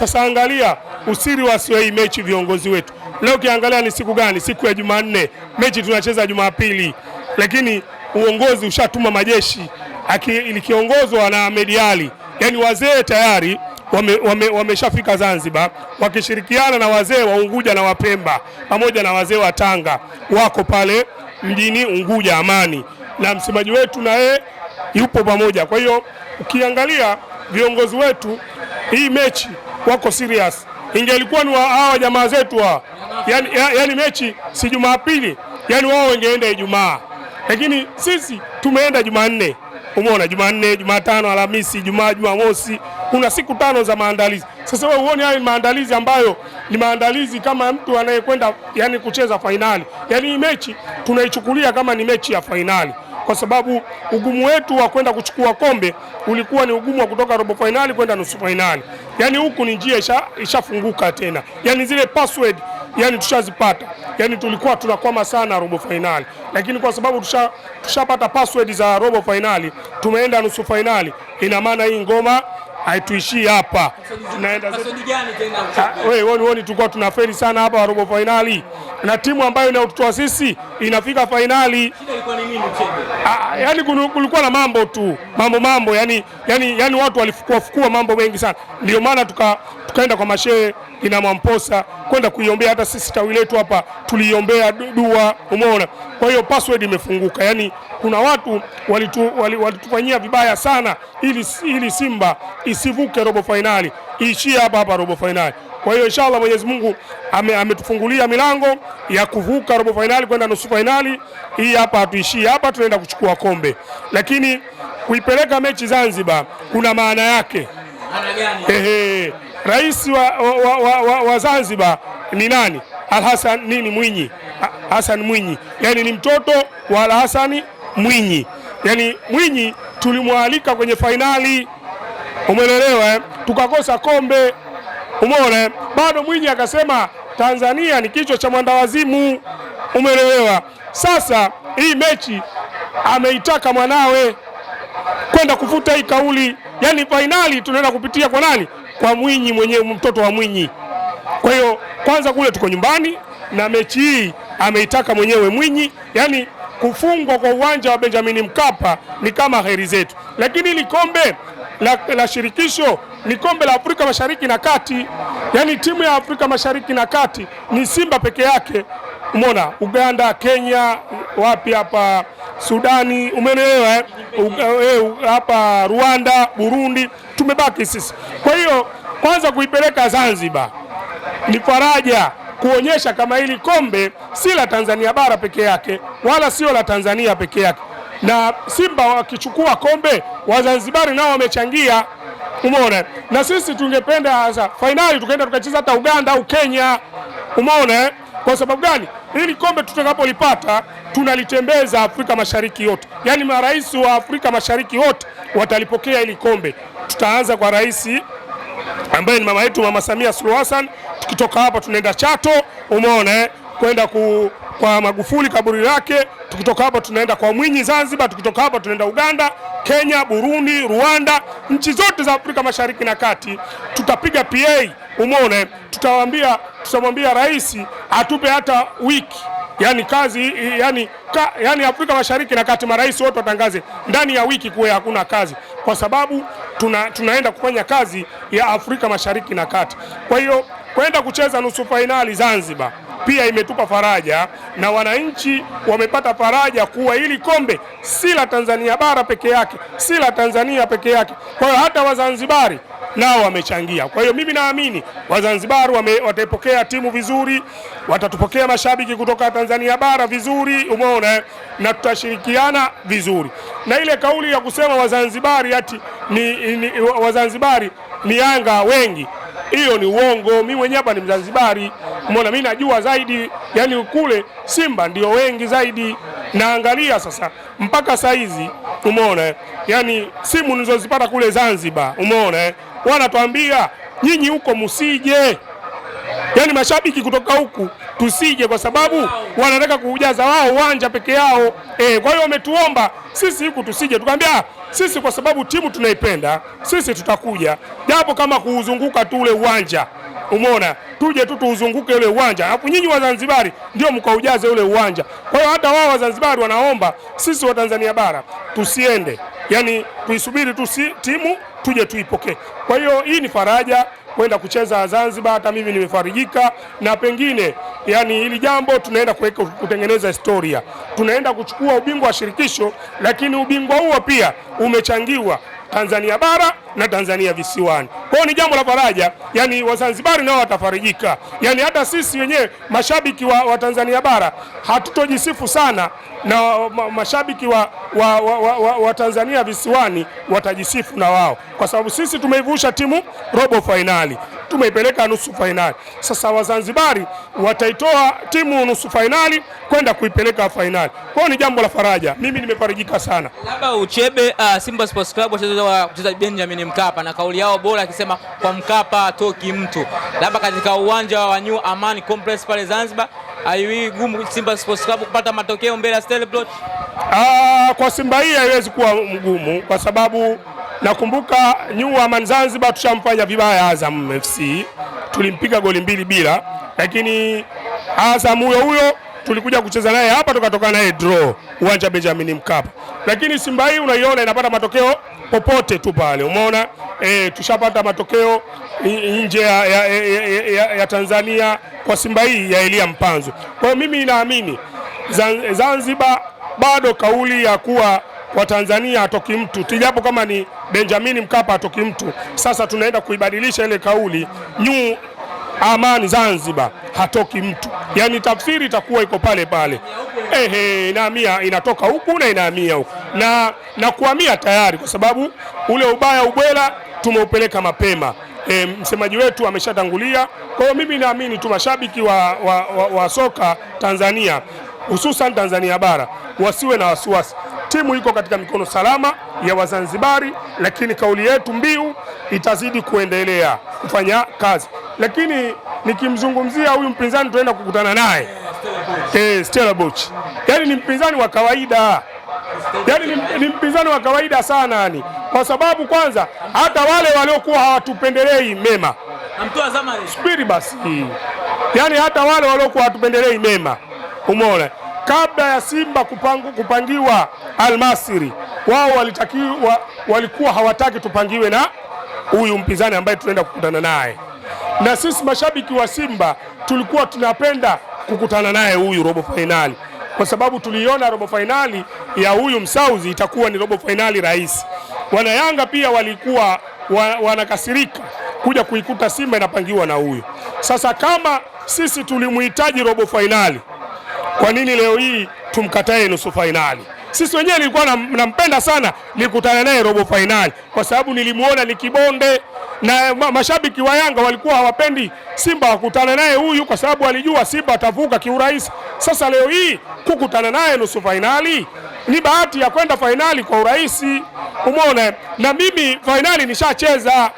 Sasa angalia usiri wa sio hii mechi, viongozi wetu leo ukiangalia ni siku gani? Siku ya Jumanne, mechi tunacheza Jumapili, lakini uongozi ushatuma majeshi likiongozwa na Ahmed Ally, yaani wazee tayari wameshafika wame, wame Zanzibar wakishirikiana na wazee wa Unguja na Wapemba pamoja na wazee wa Tanga wako pale mjini Unguja Amani, na msemaji wetu naye yupo pamoja. Kwa hiyo ukiangalia viongozi wetu hii mechi wako serious. Ingelikuwa ni hawa jamaa zetu hawa, yani, yani mechi si Jumapili, yani wao wangeenda Ijumaa, lakini sisi tumeenda Jumanne. Umeona, Jumanne, Jumatano, Alhamisi, Jumaa, Jumamosi, kuna siku tano za maandalizi. Sasa wewe uone hayo maandalizi ambayo ni maandalizi kama mtu anayekwenda yani kucheza fainali. Yani mechi tunaichukulia kama ni mechi ya fainali kwa sababu ugumu wetu wa kwenda kuchukua kombe ulikuwa ni ugumu wa kutoka robo fainali kwenda nusu fainali. Yani huku ni njia ishafunguka isha tena, yani zile password yani tushazipata. Yani tulikuwa tunakwama sana robo fainali, lakini kwa sababu tushapata tusha password za robo fainali, tumeenda nusu fainali, ina maana hii ngoma haituishii hapa, tunaenda tulikuwa tuna feli sana hapa robo fainali, na timu ambayo inatutoa sisi inafika fainali. Yani kulikuwa na mambo tu mambo mambo, yani, yani, yani watu walifukua fukua mambo mengi sana, ndio maana tukaenda tuka kwa mashehe ina Mwamposa kwenda kuiombea. Hata sisi tawi letu hapa tuliiombea dua, umeona. Kwa hiyo password imefunguka, yani kuna watu walitu, walitufanyia vibaya sana ili, ili Simba isivuke robo fainali iishie hapa hapa robo fainali. Kwa hiyo inshallah Mwenyezi Mungu ametufungulia ame milango ya kuvuka robo fainali kwenda nusu fainali. Hii hapa hatuishii hapa, tunaenda kuchukua kombe, lakini kuipeleka mechi Zanzibar kuna maana yake. Ehe rais wa, wa, wa, wa, wa Zanzibar ni nani? Alhasan nini Mwinyi, Hasan Mwinyi, yani ni mtoto wa Alhasani Mwinyi, yani Mwinyi tulimwalika kwenye fainali, umeelewa? Eh? Tukakosa kombe, umeona? Eh? Bado Mwinyi akasema Tanzania ni kichwa cha mwandawazimu, umeelewa? Sasa hii mechi ameitaka mwanawe kwenda kufuta hii kauli, yani fainali tunaenda kupitia kwa nani? kwa Mwinyi mwenyewe, mtoto wa Mwinyi. Kwa hiyo kwanza kule tuko nyumbani na mechi hii ameitaka mwenyewe Mwinyi, yaani kufungwa kwa uwanja wa Benjamin Mkapa ni kama heri zetu, lakini ili kombe la, la shirikisho ni kombe la Afrika Mashariki na Kati, yaani timu ya Afrika Mashariki na Kati ni Simba peke yake. Umeona Uganda, Kenya, wapi hapa Sudani, umeelewa eh? Eh, eh, hapa Rwanda, Burundi, tumebaki sisi. Kwa hiyo kwanza kuipeleka Zanzibar ni faraja kuonyesha kama hili kombe si la Tanzania bara peke yake wala sio la Tanzania peke yake, na Simba wakichukua kombe Wazanzibari nao wamechangia, umeona. Na sisi tungependa hasa fainali tukaenda tukacheza hata Uganda au Kenya, umeona. Kwa sababu gani? Hili kombe tutakapolipata tunalitembeza Afrika Mashariki yote, yaani marais wa Afrika Mashariki wote watalipokea ili kombe. Tutaanza kwa rais ambaye ni mama yetu Mama Samia Suluhu Hassan, tukitoka hapa tunaenda Chato, umeona eh, kwenda ku kwa Magufuli kaburi lake. Tukitoka hapa tunaenda kwa Mwinyi Zanzibar, tukitoka hapa tunaenda Uganda, Kenya, Burundi, Rwanda, nchi zote za Afrika Mashariki na Kati. Tutapiga PA, umeona, eh? tutawaambia tutamwambia rais atupe hata wiki yani kazi yani, ka, yani Afrika Mashariki na Kati marais wote watangaze ndani ya wiki kuwe hakuna kazi, kwa sababu tuna, tunaenda kufanya kazi ya Afrika Mashariki na Kati. Kwa hiyo kwenda kucheza nusu fainali Zanzibar pia imetupa faraja na wananchi wamepata faraja kuwa hili kombe si la Tanzania bara peke yake, si la Tanzania peke yake. Kwa hiyo hata Wazanzibari nao wamechangia. Kwa hiyo mimi naamini Wazanzibari wataipokea timu vizuri, watatupokea mashabiki kutoka Tanzania bara vizuri, umeona, na tutashirikiana vizuri. Na ile kauli ya kusema Wazanzibari ati ni, ni, Wazanzibari ni Yanga wengi hiyo ni uongo. Mi mwenyewe hapa ni Mzanzibari, umeona, mi najua zaidi, yani kule Simba ndio wengi zaidi. Naangalia sasa mpaka saizi, umeona yani simu nilizozipata kule Zanzibar, umeona wanatuambia nyinyi huko msije, yaani mashabiki kutoka huku tusije, kwa sababu wanataka kuujaza wao uwanja peke yao e. Kwa hiyo wametuomba sisi huku tusije, tukaambia sisi kwa sababu timu tunaipenda sisi, tutakuja japo kama kuuzunguka tu ule uwanja Umeona, tuje tu tuuzunguke ule uwanja, alafu nyinyi Wazanzibari ndio mkaujaze ule uwanja. Kwa hiyo hata wao Wazanzibari wanaomba sisi wa Tanzania bara tusiende, yani tuisubiri tu timu tuje tuipokee. Kwa hiyo hii ni faraja kwenda kucheza Zanzibar, hata mimi nimefarijika na pengine, yani hili jambo tunaenda kuweka kutengeneza historia, tunaenda kuchukua ubingwa wa shirikisho, lakini ubingwa huo pia umechangiwa Tanzania bara na Tanzania visiwani. Kwa hiyo ni jambo la faraja, yani Wazanzibari nao watafarijika, yani hata sisi wenyewe mashabiki wa, wa Tanzania bara hatutojisifu sana na ma, mashabiki wa, wa, wa, wa, wa, wa Tanzania visiwani watajisifu na wao, kwa sababu sisi tumeivusha timu robo fainali tumeipeleka nusu fainali. Sasa Wazanzibari wataitoa timu nusu fainali kwenda kuipeleka fainali, kwao ni jambo la faraja. Mimi nimefarijika sana. Labda uchebe uh, Simba Sports Club wacheza kucheza Benjamin Mkapa na kauli yao bora akisema kwa Mkapa atoki mtu, labda katika uwanja wa New Aman Complex pale Zanzibar haiwi gumu Simba Sports Club kupata matokeo mbele ya Stellenbosch. Ah, kwa Simba hii haiwezi kuwa mgumu kwa sababu Nakumbuka New Aman Zanzibar tushamfanya vibaya Azam FC, tulimpiga goli mbili bila, lakini Azam huyo huyo tulikuja kucheza naye hapa tukatoka naye draw uwanja Benjamin Mkapa. Lakini Simba hii unaiona inapata matokeo popote tu pale, umeona e, tushapata matokeo nje ya, ya, ya, ya, ya Tanzania kwa Simba hii ya Elia Mpanzo. Kwa hiyo mimi naamini Zanzibar bado kauli ya kuwa kwa Tanzania hatoki mtu, tijapo kama ni Benjamin Mkapa hatoki mtu. Sasa tunaenda kuibadilisha ile kauli nyu amani Zanzibar hatoki mtu, yaani tafsiri itakuwa iko pale pale. Ehe, inahamia inatoka huku na inahamia huku na na kuhamia tayari, kwa sababu ule ubaya ubwela tumeupeleka mapema. E, msemaji wetu ameshatangulia. Kwa hiyo mimi naamini tu mashabiki wa, wa, wa, wa soka Tanzania hususan Tanzania bara wasiwe na wasiwasi timu iko katika mikono salama ya Wazanzibari, lakini kauli yetu mbiu itazidi kuendelea kufanya kazi. Lakini nikimzungumzia huyu mpinzani tunaenda kukutana naye eh, Stella yaani ni mpinzani wa kawaida yaani ni mpinzani wa kawaida sana yani, kwa sababu kwanza hata wale waliokuwa hawatupendelei mema subiri basi, yaani hata wale waliokuwa hawatupendelei mema umeona kabla ya Simba kupangu, kupangiwa Almasiri, wao walitakiwa walikuwa hawataki tupangiwe na huyu mpinzani ambaye tunaenda kukutana naye, na sisi mashabiki wa Simba tulikuwa tunapenda kukutana naye huyu robo fainali, kwa sababu tuliona robo fainali ya huyu msauzi itakuwa ni robo fainali rahisi. Wana Yanga pia walikuwa wanakasirika kuja kuikuta Simba inapangiwa na huyu. Sasa kama sisi tulimhitaji robo fainali kwa nini leo hii tumkatae nusu fainali? Sisi wenyewe nilikuwa nampenda sana, nikutana naye robo fainali kwa sababu nilimuona ni kibonde, na mashabiki wa Yanga walikuwa hawapendi Simba wakutana naye huyu, kwa sababu alijua Simba atavuka kiurahisi. Sasa leo hii kukutana naye nusu fainali ni bahati ya kwenda fainali kwa urahisi, umeona. Na mimi fainali nishacheza,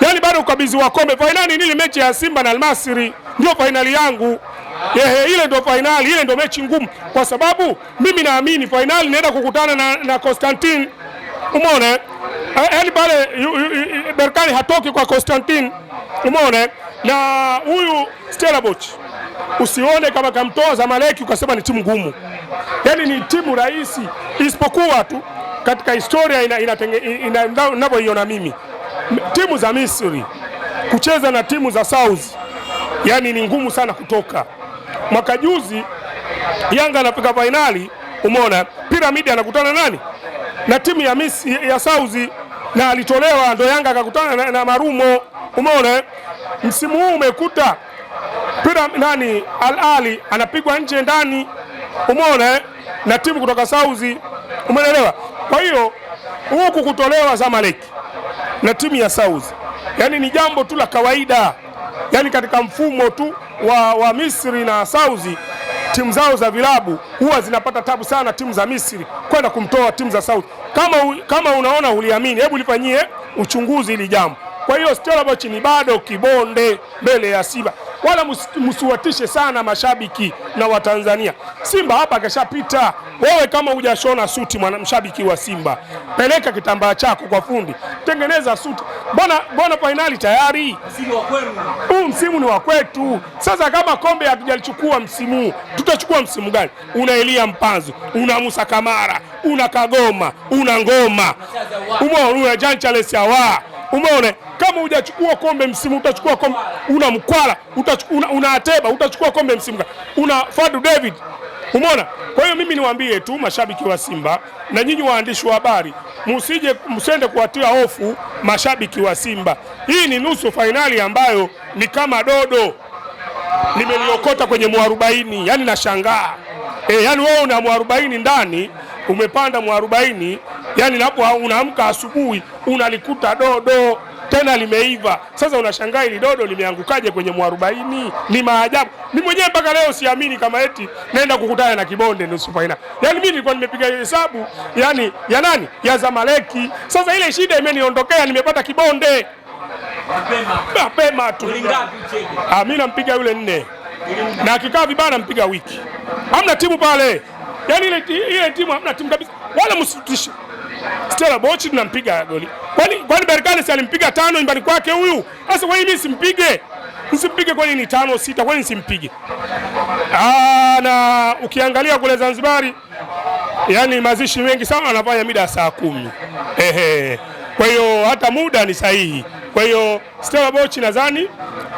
yani bado ukabidhi wa kombe. Fainali nili mechi ya Simba na Almasiri ndio fainali yangu. Ehe, ile ndo fainali, ile ndo mechi ngumu, kwa sababu mimi naamini fainali inaenda kukutana na, na Constantine. Umeona eh? Eh, yaani pale Berkane hatoki kwa Constantine, umeona eh? na huyu Stellenbosch usione kama kamtoa Zamaleki ukasema ni timu ngumu, yaani ni timu rahisi, isipokuwa tu katika historia inavyoiona mimi timu za Misri kucheza na timu za South, yani ni ngumu sana kutoka mwaka juzi Yanga anafika fainali, umeona Piramidi anakutana nani na timu ya Misri ya Sauzi na alitolewa, ndo Yanga akakutana na, na Marumo. Umeona msimu huu umekuta pira nani Al Ali anapigwa nje ndani, umeona na timu kutoka Sauzi, umeelewa? Kwa hiyo huku kutolewa Zamalek na timu ya Sauzi, yani ni jambo tu la kawaida yani katika mfumo tu wa, wa Misri na Saudi timu zao za vilabu huwa zinapata tabu sana timu za Misri kwenda kumtoa timu za Saudi. Kama, kama unaona uliamini, hebu lifanyie uchunguzi hili jambo. Kwa hiyo Stellenbosch ni bado kibonde mbele ya Simba wala msiwatishe sana mashabiki na Watanzania. Simba hapa kashapita. Wewe kama hujashona suti, mwana mshabiki wa Simba, peleka kitambaa chako kwa fundi, tengeneza suti mbona mbona fainali tayari. Huu msimu ni wa kwetu. Sasa kama kombe hatujalichukua msimu huu, tutachukua msimu gani? Una Elia Mpanzu, una Musa Kamara, una Kagoma, una Ngoma, umeona una Jean Charles Ahoua, umeona kama hujachukua kombe msimu utachukua kombe, una Mkwala una, una Ateba utachukua kombe msimu, una Fadu David, umeona. Kwa hiyo mimi niwaambie tu mashabiki wa Simba na nyinyi waandishi wa habari, msije msende kuwatia hofu mashabiki wa Simba. Hii ni nusu fainali ambayo ni kama dodo nimeliokota kwenye mwarobaini, yani nashangaa e, yani wewe una mwarobaini ndani umepanda mwarobaini, yani napo unaamka asubuhi unalikuta dodo tena limeiva. Sasa unashangaa ili dodo limeangukaje kwenye mwarobaini? Ni maajabu. Mimi mwenyewe mpaka leo siamini kama eti naenda kukutana na Kibonde nusu faina. Yaani mimi nilikuwa nimepiga hesabu yani ya nani ya Zamaleki. Sasa ile shida imeniondokea, nimepata Kibonde mapema tu. Ah, mimi nampiga yule nne na akikaa vibaya nampiga wiki. Hamna timu pale, yaani ile ile timu hamna timu kabisa, wala msitishe Stella Bochi tunampiga goli. Kwani kwani Berkane si alimpiga tano nyumbani kwake huyu? Sasa kwa nini mimi simpige? Nisimpige kwani ni tano sita, kwani simpige? Ah, na ukiangalia kule Zanzibari yani mazishi mengi sana anafanya mida saa kumi. Ehe. Kwa hiyo hata muda ni sahihi. Kwa hiyo Stella Bochi nadhani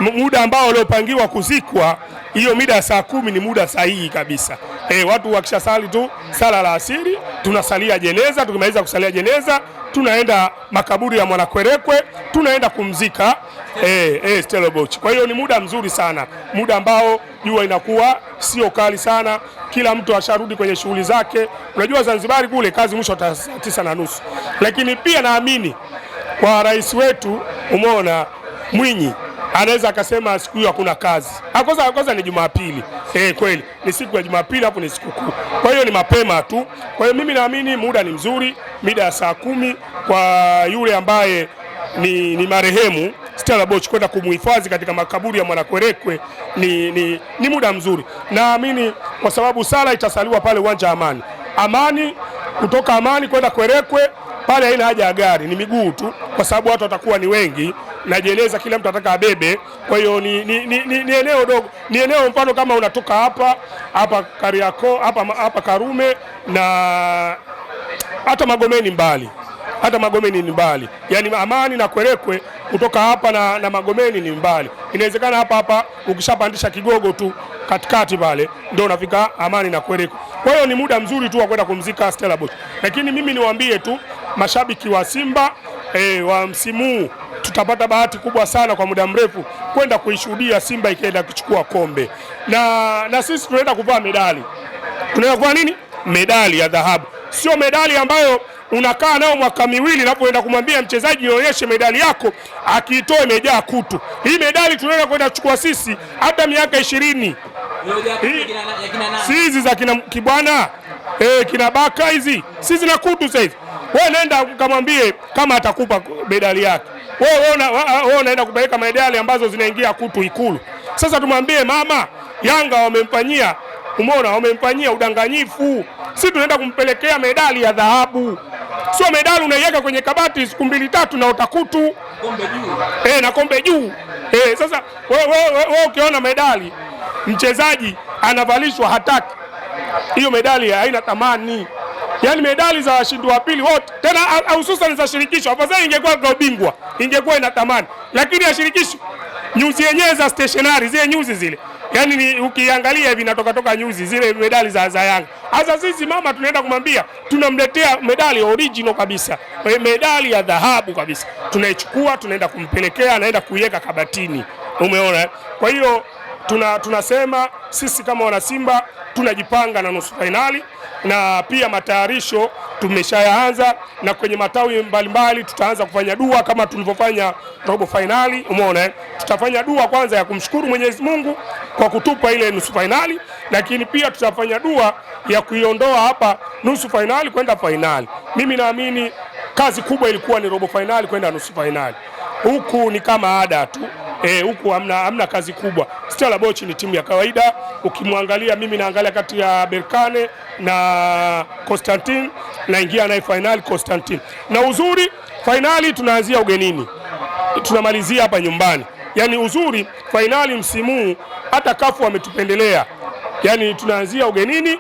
muda ambao aliopangiwa kuzikwa hiyo mida ya saa kumi ni muda sahihi kabisa. Eh, watu wakishasali tu sala la asiri tunasalia jeneza. Tukimaliza kusalia jeneza, tunaenda makaburi ya Mwanakwerekwe, tunaenda kumzika eh, eh, Stellenbosch. Kwa hiyo ni muda mzuri sana, muda ambao jua inakuwa sio kali sana, kila mtu asharudi kwenye shughuli zake. Unajua Zanzibari kule kazi mwisho tisa na nusu, lakini pia naamini kwa rais wetu umeona Mwinyi anaweza akasema siku hiyo hakuna kazi. Ah, kwanza kwanza ni Jumapili eh, kweli ni siku ya Jumapili, hapo ni sikukuu, kwa hiyo ni mapema tu. Kwa hiyo mimi naamini muda ni mzuri, mida ya saa kumi kwa yule ambaye ni, ni marehemu Stella Boch kwenda kumuhifadhi katika makaburi ya Mwanakwerekwe ni, ni, ni muda mzuri, naamini kwa sababu sala itasaliwa pale uwanja Amani. Amani kutoka Amani kwenda Kwerekwe pale haina haja ya gari, ni miguu tu, kwa sababu watu watakuwa ni wengi najieleza, kila mtu anataka abebe. Kwa hiyo ni, ni, ni, ni, ni eneo dogo, ni eneo mfano kama unatoka hapa hapa Kariakoo hapa hapa Karume na hata Magomeni mbali hata Magomeni ni mbali, yaani Amani na Kwerekwe kutoka hapa na, na Magomeni ni mbali. Inawezekana hapa hapa ukishapandisha Kigogo tu katikati pale ndio unafika Amani na Kwerekwe. Kwa hiyo ni muda mzuri tu wa kwenda kumzika Stella Boy, lakini mimi niwaambie tu mashabiki wa Simba eh, wa msimu tutapata bahati kubwa sana kwa muda mrefu kwenda kuishuhudia Simba ikienda kuchukua kombe, na, na sisi tunaenda kuvaa medali, tunaenda kuvaa nini, medali ya dhahabu, sio medali ambayo unakaa nao mwaka miwili alafu kumwambia mchezaji nionyeshe medali yako, akiitoa imejaa kutu. Hii medali tunaenda kwenda kuchukua sisi hata miaka ishirini si za kina Kibwana eh, kina Baka hizi si na kutu sasa hivi. Wewe nenda kamwambie kama atakupa medali yake wewe unaenda kupeleka medali ambazo zinaingia kutu Ikulu. Sasa tumwambie mama, Yanga wamemfanyia, umeona, wamemfanyia udanganyifu. Sisi tunaenda kumpelekea medali ya dhahabu, sio medali unaiweka kwenye kabati siku mbili tatu na utakutu kombe juu. eh, na kombe juu eh. Sasa wewe ukiona medali mchezaji anavalishwa hataki hiyo medali, haina thamani yani medali za washindi wa pili wote tena, hususan za shirikisho. Afadhali ingekuwa kwa bingwa ingekuwa ina thamani, lakini ya shirikisho nyuzi yenyewe za stationary zile nyuzi zile, yani ni ukiangalia hivi natoka toka nyuzi zile medali za za Yanga. Sasa sisi mama tunaenda kumwambia, tunamletea medali original kabisa, medali ya dhahabu kabisa, tunaichukua tunaenda kumpelekea, anaenda kuiweka kabatini. Umeona? Kwa hiyo tuna tunasema sisi kama wanasimba tunajipanga na nusu fainali, na pia matayarisho tumeshayaanza, na kwenye matawi mbalimbali tutaanza kufanya dua kama tulivyofanya robo fainali. Umeona, eh? tutafanya dua kwanza ya kumshukuru Mwenyezi Mungu kwa kutupa ile nusu fainali, lakini pia tutafanya dua ya kuiondoa hapa nusu fainali kwenda fainali. Mimi naamini kazi kubwa ilikuwa ni robo fainali kwenda nusu fainali. Huku ni kama ada tu e, huku hamna hamna kazi kubwa. Boch ni timu ya kawaida, ukimwangalia mimi naangalia kati ya Berkane na Constantine, naingia naye final Constantine. Na uzuri fainali tunaanzia ugenini tunamalizia hapa nyumbani, yaani uzuri fainali msimu huu hata kafu ametupendelea, yaani tunaanzia ugenini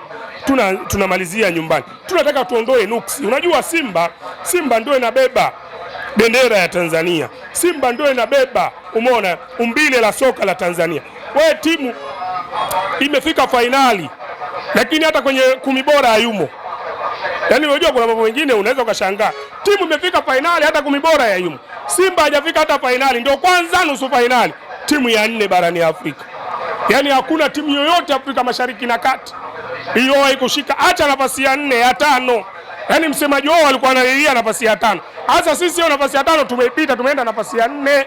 tunamalizia tuna nyumbani. Tunataka tuondoe nuksi. Unajua Simba Simba ndio inabeba bendera ya Tanzania. Simba ndio inabeba, umeona umbile la soka la Tanzania. We timu imefika fainali, lakini hata kwenye kumi bora hayumo. Yaani unajua kuna mambo mengine unaweza ukashangaa, timu imefika fainali hata kumi bora hayumo. Simba hajafika hata fainali, ndio kwanza nusu fainali, timu ya nne barani Afrika. Yaani hakuna timu yoyote Afrika Mashariki na Kati iliyowahi kushika hata nafasi ya nne ya tano. Yaani msemaji wao alikuwa analilia nafasi ya tano. Hasa sisi hiyo nafasi ya tano tumeipita, tumeenda nafasi ya nne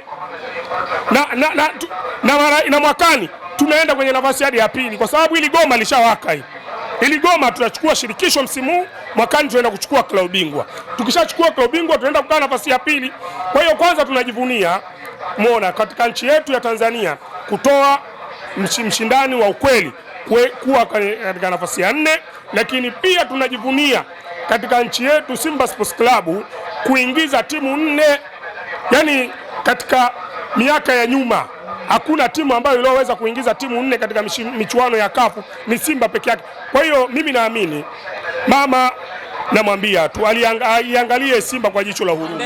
na, na, na, tu, na, mara, na mwakani tunaenda kwenye nafasi hadi ya pili, kwa sababu ili goma lishawaka hii ili goma tunachukua shirikisho msimu, mwakani tunaenda kuchukua klabu bingwa. Tukishachukua klabu bingwa tunaenda kukaa nafasi ya pili. Kwa hiyo kwanza tunajivunia muona katika nchi yetu ya Tanzania kutoa mshindani wa ukweli kwe, kuwa katika nafasi ya nne, lakini pia tunajivunia katika nchi yetu Simba Sports Club kuingiza timu nne, yani katika miaka ya nyuma hakuna timu ambayo iliyoweza kuingiza timu nne katika michuano ya kafu ni Simba peke yake. Kwa hiyo mimi naamini mama namwambia tu aliangalie Simba kwa jicho la huruma,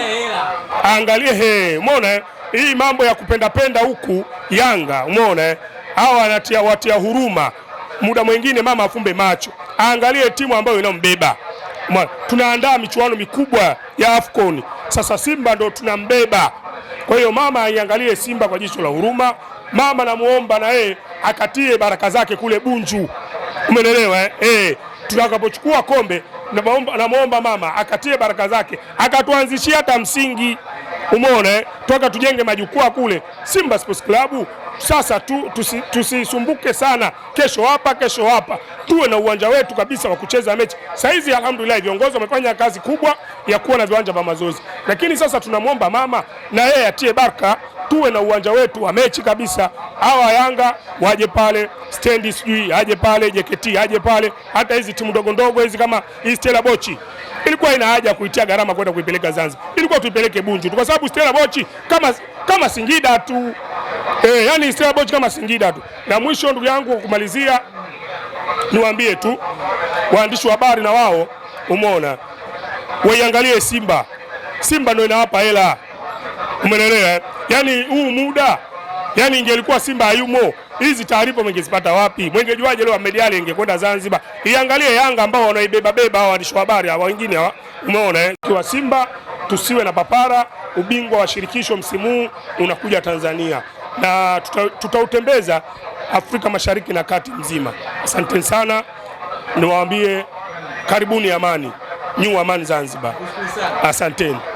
aangalie he, umeona eh? hii mambo ya kupendapenda huku Yanga, umeona eh? hawa anatia watia huruma. Muda mwingine mama afumbe macho, aangalie timu ambayo inayombeba Tunaandaa michuano mikubwa ya AFCON. Sasa Simba ndo tunambeba, kwa hiyo mama aiangalie Simba kwa jicho la huruma. Mama namuomba na yeye akatie baraka zake kule Bunju, umeelewa eh? Eh, tunakapochukua kombe namwomba mama akatie baraka zake akatuanzishia hata msingi, umeona eh? Toka tujenge majukwaa kule Simba Sports Club. Sasa tu, tusisumbuke tusi sana, kesho hapa kesho hapa, tuwe na uwanja wetu kabisa wa kucheza mechi. Saizi alhamdulillah, viongozi wamefanya kazi kubwa ya kuwa na viwanja vya mazoezi, lakini sasa tunamwomba mama na yeye atie baraka, tuwe na uwanja wetu wa mechi kabisa. Hawa Yanga waje pale stendi, sijui aje pale JKT, aje pale hata hizi timu ndogo ndogo hizi kama hii Stella Bochi ilikuwa ina haja kuitia gharama kwenda kuipeleka Zanzibar, ilikuwa tuipeleke Bunju tu, kwa sababu Stella Bochi kama, kama Singida tu eh, yani Stella Bochi kama Singida tu. Na mwisho ndugu yangu kumalizia, niwaambie tu waandishi wa habari na wao umeona waiangalie Simba. Simba ndio inawapa hela, umeelewa? Yaani huu muda, yaani ingelikuwa Simba hayumo hizi taarifa mwengezipata wapi? Mwengejuaje leo Ahmed Ally ingekwenda Zanzibar? Iangalie Yanga ambao wanaibeba beba hawa waandishi wa habari hawa wengine hawa, umeona? Eh? Kwa Simba tusiwe na papara. Ubingwa wa shirikisho msimu huu unakuja Tanzania na tutautembeza tuta Afrika Mashariki na kati mzima. Asanteni sana, niwaambie karibuni amani. New Amani Zanzibar. Asanteni.